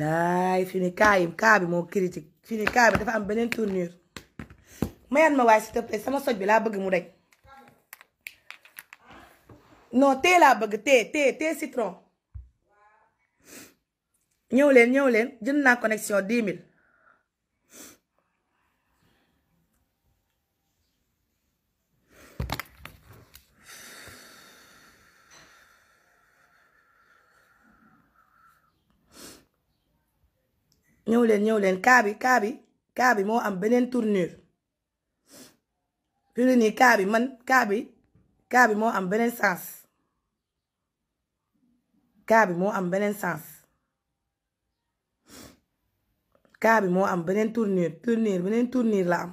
laay fi ni cas yi cas moo critique fi ni cas bi dafa am beneen tournure mayaat ma waaye s'il te plaît sama soj bi laa bëgg mu rek noo tee laa bëgg tee tee citron ñëw leen ñëw leen jënd naa connexion 10 000 ñëw leen ñëw leen cas bi cas bi bi moo am beneen tournure fi mu bi man kaabi kaabi moo am beneen sens cas bi moo am beneen sens cas bi moo am beneen tournure tournure beneen tournure la am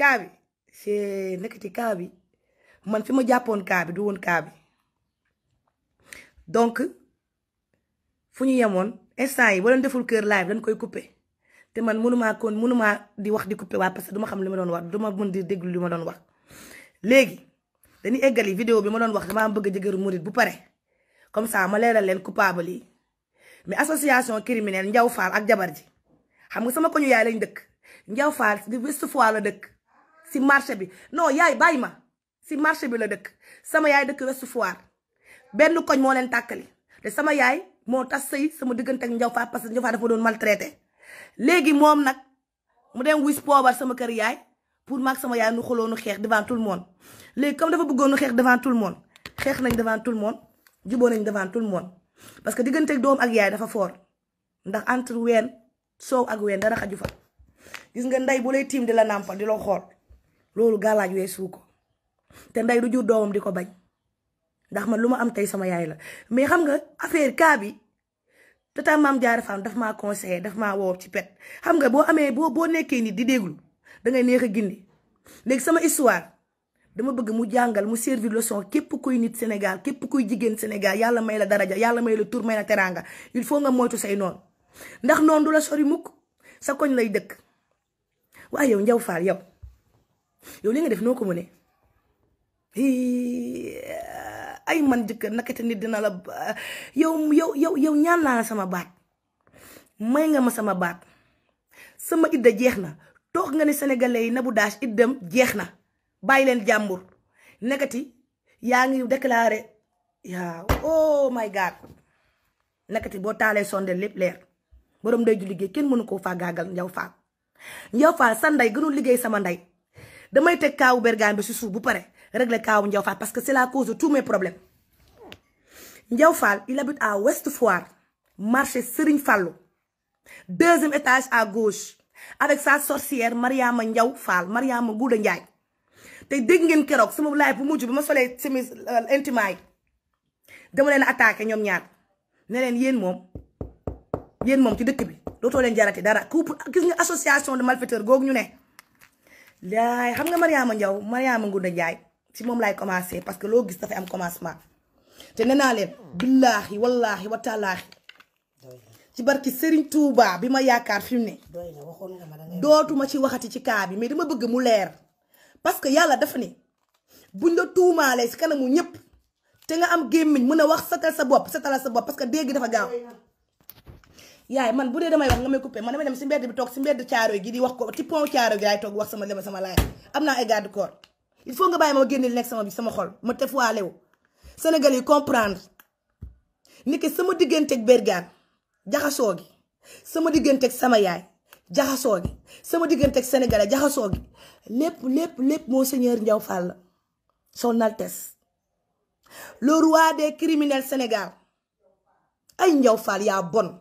kaabi bi c'est nekk bi man fi ma jàppoon cas bi du woon cas donc fu ñu yemoon. instant yi boo leen deful kër live dañ koy coupé te man mënumaa kon mënumaa di wax di coupé waa parce que xam li ma doon wax du ma mën di déglu li ma doon wax léegi dañuy eggali vidéo bi ma doon wax damaa bëgg jëgëru murit bu pare comme ça ma leeral leen coupable yi mais association criminelle Ndiaw Fall ak jabar ji xam nga sama ko ñu yaay lañ dëkk njaw Fall di Ouest Foire la dëkk si marché bi non yaay bàyyi ma si marché bi la dëkk sama yaay dëkk Ouest benn koñ moo leen tàkkali sama yaay moo tas sëy sama diggante ak Njaw Faa parce que Njaw Faa dafa doon maltraité léegi moom nag mu dem wis poobar sama kër yaay pour maag sama yaay nu xuloo nu xeex devant tout le monde léegi comme dafa bëggoon xeex devant tout le monde xeex nañ devant tout le monde juboo nañ devant tout le monde parce que diggante doom ak yaay dafa foor ndax entre ween soow ak ween dara xaju fa gis nga ndey bu lay tiim di la nàmpal di la xool loolu gàllaaj weesu ko te ndey du jur doomam di ko bañ ndax man lu ma am tey sama yaay la mais xam nga affaire cas bi tata maam jaara faam daf ma conseil daf maa woo ci pet xam nga boo amee boo boo nekkee nit di déglu dangay neex a gindi léegi sama histoire dama bëgg mu jàngal mu servir leçon képp kuy nit Sénégal képp kuy jigéen Sénégal yàlla may la daraja yàlla may la tur may la teraanga il faut nga moytu say noon ndax noonu du la sori mukk sa koñ lay dëkk waaye yow njaw faal yow yow li nga def noo ko mu ay man jëkkër nakete nit dina la yow yow yow yow ñaan naa la sama baat may nga ma sama baat sama idda jeex na toog nga ne sénégalais yi Nabou Dash iddam jeex na bàyyi leen jàmbur nakati yaa ngi déclaré waaw oh my god nakati boo taalee sonde lépp leer borom day ju liggéey kenn mënu koo gàggal njaw faal njaw faal sa ndey gënul liggéey sama ndey damay teg kaawu bergaan bi si suuf bu pare régler kaaw Ndiaw Fall parce que c'est la cause de tous mes problèmes Ndiaw Fall il habite à Ouest Foire marché Serigne Fallou deuxième étage à gauche avec sa sorcière njaw Ndiaw Fall Mariama Gouda Ndiaye te dégg ngeen keroog sama laay bu mujj bi ma solee semis euh, intimat dama leen attaqué ñoom ñaar ne leen yéen moom yéen moom ci dëkk bi dootoo leen jarati dara couple gis nga association de malfaiteurs googu ñu ne laay xam nga Mariama Ndiaw Mariama Ngouda Ndiaye ci moom laay commencé parce que loo gis dafay am commencement te nee naa leen billaahi wallaahi wataalaahi ci barki Serigne Touba bi ma yaakaar fi mu ne dootuma ci waxati ci kaa bi mais dama bëgg mu leer parce que yàlla dafa ne buñ la tuumaalee si kanamu ñëpp te nga am gémmiñ mun a wax setal sa bopp setalal sa bopp parce que dégg dafa gaaw. yaay man bu dee damay wax nga may coupé man damay dem si mbedd bi toog si mbedd caaro gi di wax ko ci pont caaro gi laay toog wax sama sama laay am naa ay garde corps il faut nga bàyyi ma génne li nekk sama bi sama xol ma tef waale wu Sénégal yi comprendre ni que sama digganteeg Bergane jaxasoo gi sama digganteeg sama yaay jaxasoo gi sama digganteeg sénégalais jaxasoo gi lépp lépp lépp monseigneur Ndiaw Fall son altesse le roi des criminels Sénégal ay Ndiaw Fall yaa bon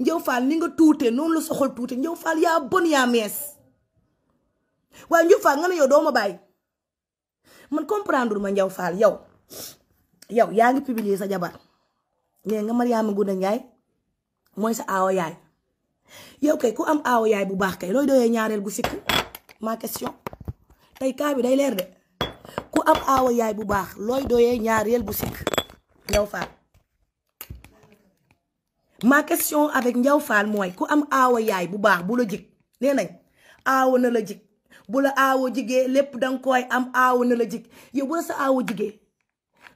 Ndiaw Fall ni nga tuute noonu la soxal tuute Ndiaw Fall yaa bon yaa mees waaye Ndiaw Fall nga ne yow doo ma bàyyi. man comprendre ma njaw Fall yow yow yaa ngi publier sa jabar nee nga Mariama Ngounda Ndiaye mooy sa aawa yaay yow kay ku am aawa yaay bu baax kay looy doyee ñaareel gu sikk ma kaa bi day leer de bu baax looy doyee ñaareel bu sikk Ndiaw Fall ma question avec Ndiaw Fall mooy ku am aawa yaay bu baax bu la jig nee aawa na la jig bu la aawo jigee lépp danga koy am aawo na la jig yow bu sa aawo jigee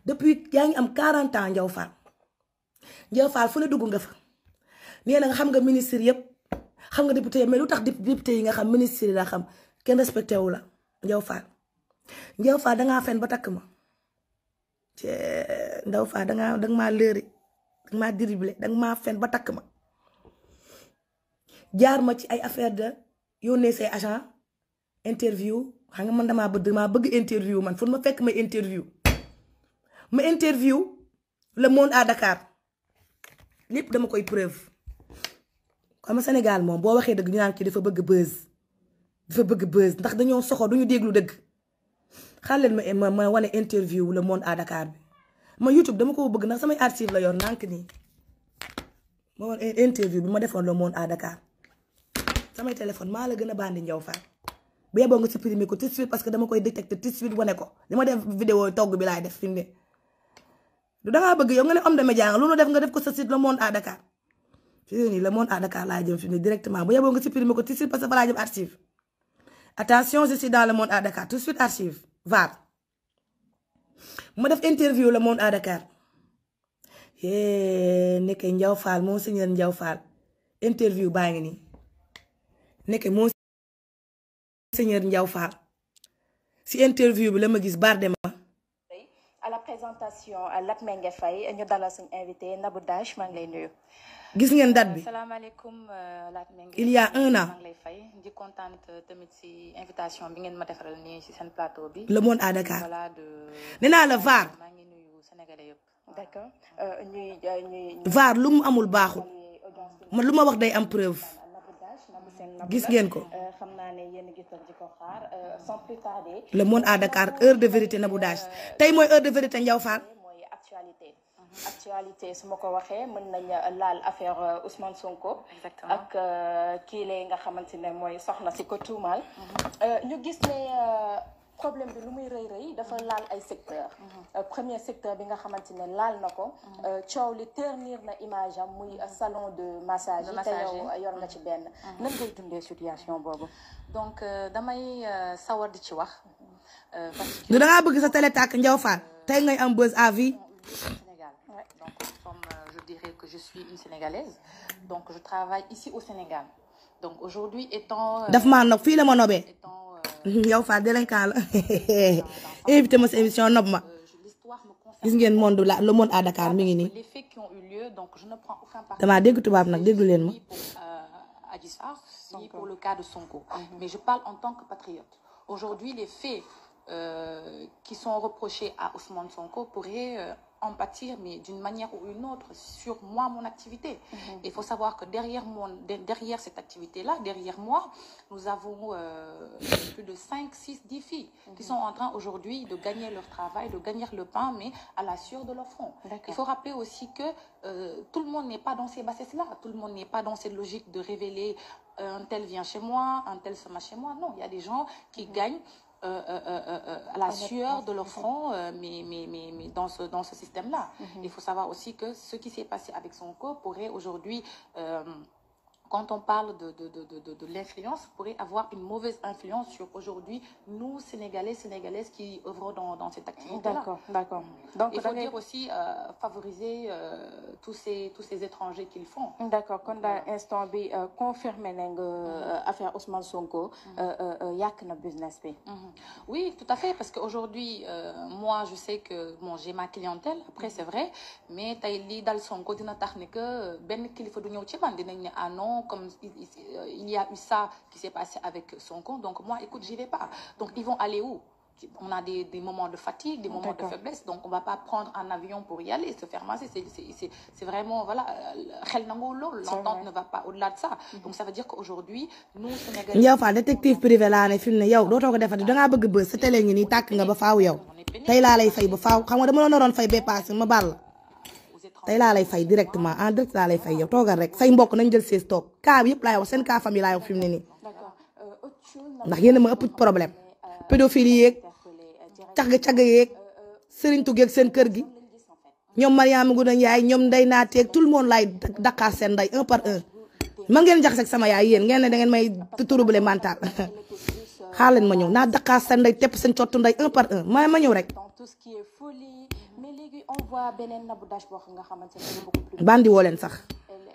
depuis yaa ngi am 40 ans Ndiaw Fall Ndiaw Fall fu la dugg nga fa nee na nga xam nga ministre yëpp xam nga député mais lu tax député yi nga xam ministre yi xam kenn respecté la Ndiaw Fall Ndiaw Fall dangaa fen ba takk ma Ndaw Fall dangaa danga maa lëri danga maa dribblé danga maa fen ba takk ma jaar ma ci ay affaire de yónnee say agent interview xam nga man damaa bëgg bëgg interview man fu ma fekk may interview ma interview la monde à Dakar lépp dama koy preuve xam Sénégal moom boo waxee dëgg ñu naan ci dafa bëgg buzz dafa bëgg buzz ndax dañoo soxo duñu déglu dëgg xaar leen ma ma wane interview le monde à Dakar bi ma YouTube dama ko bëgg ndax samay archive la yoon nànk nii ma wan interview bu ma defoon la monde à Dakar samay téléphone maa la gën a bandi njaw fan bu yeboo nga supprimer ko tout de suite parce que dama koy détecter tout de suite wane ko li ma def vidéo togg bi laay def fi mu ne du dangaa bëgg yow nga ne homme de média lu nu def nga def ko sa site le monde a Dakar fi mu à Dakar laa jëm fi mu ne directement bu yeboo nga supprimer ko tout de suite parce que fa laa jëm attention je suis dans le monde à Dakar tout de suite archive var ma def interview le monde à Dakar nekkee faal Fall moo sëñal Ndiaw Fall interview baa ngi nii Monseigneur Ndiaw Fall si interview bi la ma gis Bardema. à la présentation Latmingué Faye ñu dalal suñu invité Nabou maa ngi lay nuyu. gis ngeen date bi salaamaaleykum euh, Latmingué. il y fay di kontaan tamit si invitation bi ngeen ma defaral nii si seen bi. le monde à Dakar la VAR. maa ngi nuyu Sénégalais yëpp. d'accord euh, euh, ñuy ñuy. VAR lu amul baaxul man lu ma wax day am preuve. gis ngeen ko euh, euh, le monde à Dakar euh, heure de vérité Nabou Dash tey mooy heure de vérité Ndiaw Fall mm-hmm. actualité su ma ko waxee mën nañ laal affaire Ousmane Sonko. ak kii lay nga xamante ne mooy soxla si ko tuumaal. Mm-hmm. ñu gis ne. problème bi lu muy rëy rëy dafa laal ay secteur euh, premier secteur bi nga xamante ne laal na ko mhm. euh, coow li ternir na image am muy mhm. salon de massage yi te yor nga ci mhm. benn nan dundee situation boobu donc euh, damay sawar di ci wax parce que da sa télé njaw faal te ngay am buzz à vie Sénégal donc comme je travaille ici au Sénégal donc aujourd'hui daf maa nob fii la ma Mhm. yow Fatou délinquant la invité ma sa émission nopp ma gis monde la le monde à Dakar mi ngi nii damaa dégg tubaab nag déglu leen ma. pour le cas de Sonko. Mhm. mais je parle en tant que patriote. aujourd'hui les faits euh, qui sont reprochés à Ousmane Sonko pourraient euh, en pâtir, mais d'une manière ou une autre, sur moi, mon activité. Mm -hmm. Il faut savoir que derrière, mon, derrière cette activité-là, derrière moi, nous avons euh, plus de 5, 6, 10 filles mm -hmm. qui sont en train aujourd'hui de gagner leur travail, de gagner le pain, mais à la sueur de leur front. Il faut rappeler aussi que euh, tout le monde n'est pas dans ces bassesses-là, tout le monde n'est pas dans cette logique de révéler euh, un tel vient chez moi, un tel se met chez moi. Non, il y a des gens qui mm -hmm. gagnent euh, euh, à euh, euh, la sueur de leur front, mais, mais, mais, mais, dans ce, dans ce système-là. Mm -hmm. Il faut savoir aussi que ce qui s'est passé avec son corps pourrait aujourd'hui... Euh, quand on parle de, de, de, de l'influence, vous pourrez avoir une mauvaise influence sur aujourd'hui, nous, Sénégalais, Sénégalaises qui œuvrons dans, dans cette activité-là. D'accord, d'accord. Donc, il faut dire aussi euh, favoriser euh, tous, ces, tous ces étrangers qu'ils font. D'accord, quand voilà. instant bi euh, confirmé nañ nga euh, mm-hmm. affaire Ousmane Sonko, mm-hmm. euh, yàq na business bi. Mm-hmm. Oui, tout à fait, parce qu'aujourd'hui, euh, moi, je sais que bon, j'ai ma clientèle, après c'est vrai, mais tey lii dal Sonko dina tax ne que benn kilifa du ñëw ci man dinañ ne ah non. Macron, comme il y a eu ça qui s'est passé avec son compte. Donc moi, écoute, j'y vais pas. Donc ils vont aller où on a des, des, moments de fatigue, des moments de faiblesse, donc on ne va pas prendre un avion pour y aller, se faire C'est vraiment, voilà, l'entente ne va pas au-delà de ça. Mhm. Donc ça veut dire qu'aujourd'hui, nous, Sénégalais. yow fa détective ne fi ne yow dootoo ko defati dangaa bëgg bës sa télé ngi nii tàkk nga nga dama la naroon tey laa lay fay directement en direct laa lay fay yow toogal rek say mbokk nañ jël sées toog cas yëpp laay wax seen cas famille laay wax fi mu ne nii ndax yéen a ma ëpp problème pédophilie yeeg cagg-cagg yeeg sëriñtu seen kër gi ñoom Mariama Ngoné yaay ñoom day Naté tout le moon laay dakkaar seen ndey un par un man ngeen jaxase ak sama yaay yéen ngeen ne da ngeen may trouble mental xaar leen ma ñëw naa dakkaar seen ndey tepp seen cottu ndey un par ma ma ñëw rek tout ce qui est folie mhm. mais léegi on voit beneen Nabou Dash boo xam nga xamante ne beaucoup plus bandi woo leen sax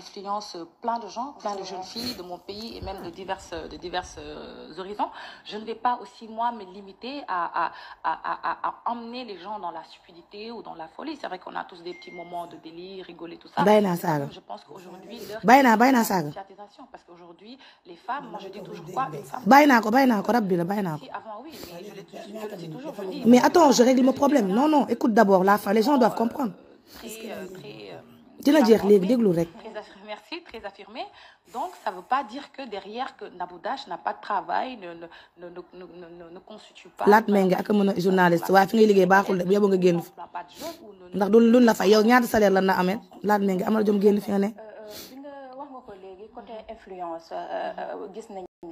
influence euh, plein de gens, plein de jeunes filles de mon pays et de diverses, euh, euh, horizons. Je ne vais pas aussi, moi, me limiter à, emmener les gens dans la stupidité ou dans la folie. C'est vrai qu'on a tous des petits moments de délire, rigoler, tout ça. Je pense les femmes, moi je dis toujours quoi, les mais attends, je règle mon problème. Non, non, écoute d'abord, la fin, les gens doivent comprendre. ci la jeex léegi déglu rek. merci très affirmé donc ça veut pas dire que derrière que Nabou n'a pas de travail ne ne ne ne ne ne constitue pas. laat méngé ak mën a journaliste waaye fi ngay liggéey baaxul de bu yóbbu nga génn fi ndax du luñ la fay yow salaire la amee laat méngé amal jom génn fi nga ne. Euh, euh, wax nga ko léegi côté influence euh, gis nañ ñu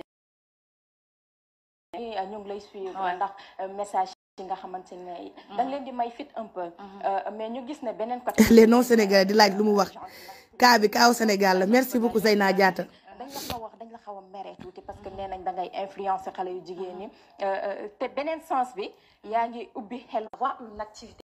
ngi lay suivre ci nga xamante ne mhm. danga leen di may fit un peu mhm. euh, mais ñu gis ne beneen côté di laaj lu mu wax kaa bi aw Sénégal la merci beaucoup Zeyna Diatta dañ la xaw a wax dañ la xaw a mere tuuti parce que nee nañ da ngay influencer xale yu jigéen ñi mhm. euh, euh, te beneen sens bi yaa ngi ubbi xel avoir une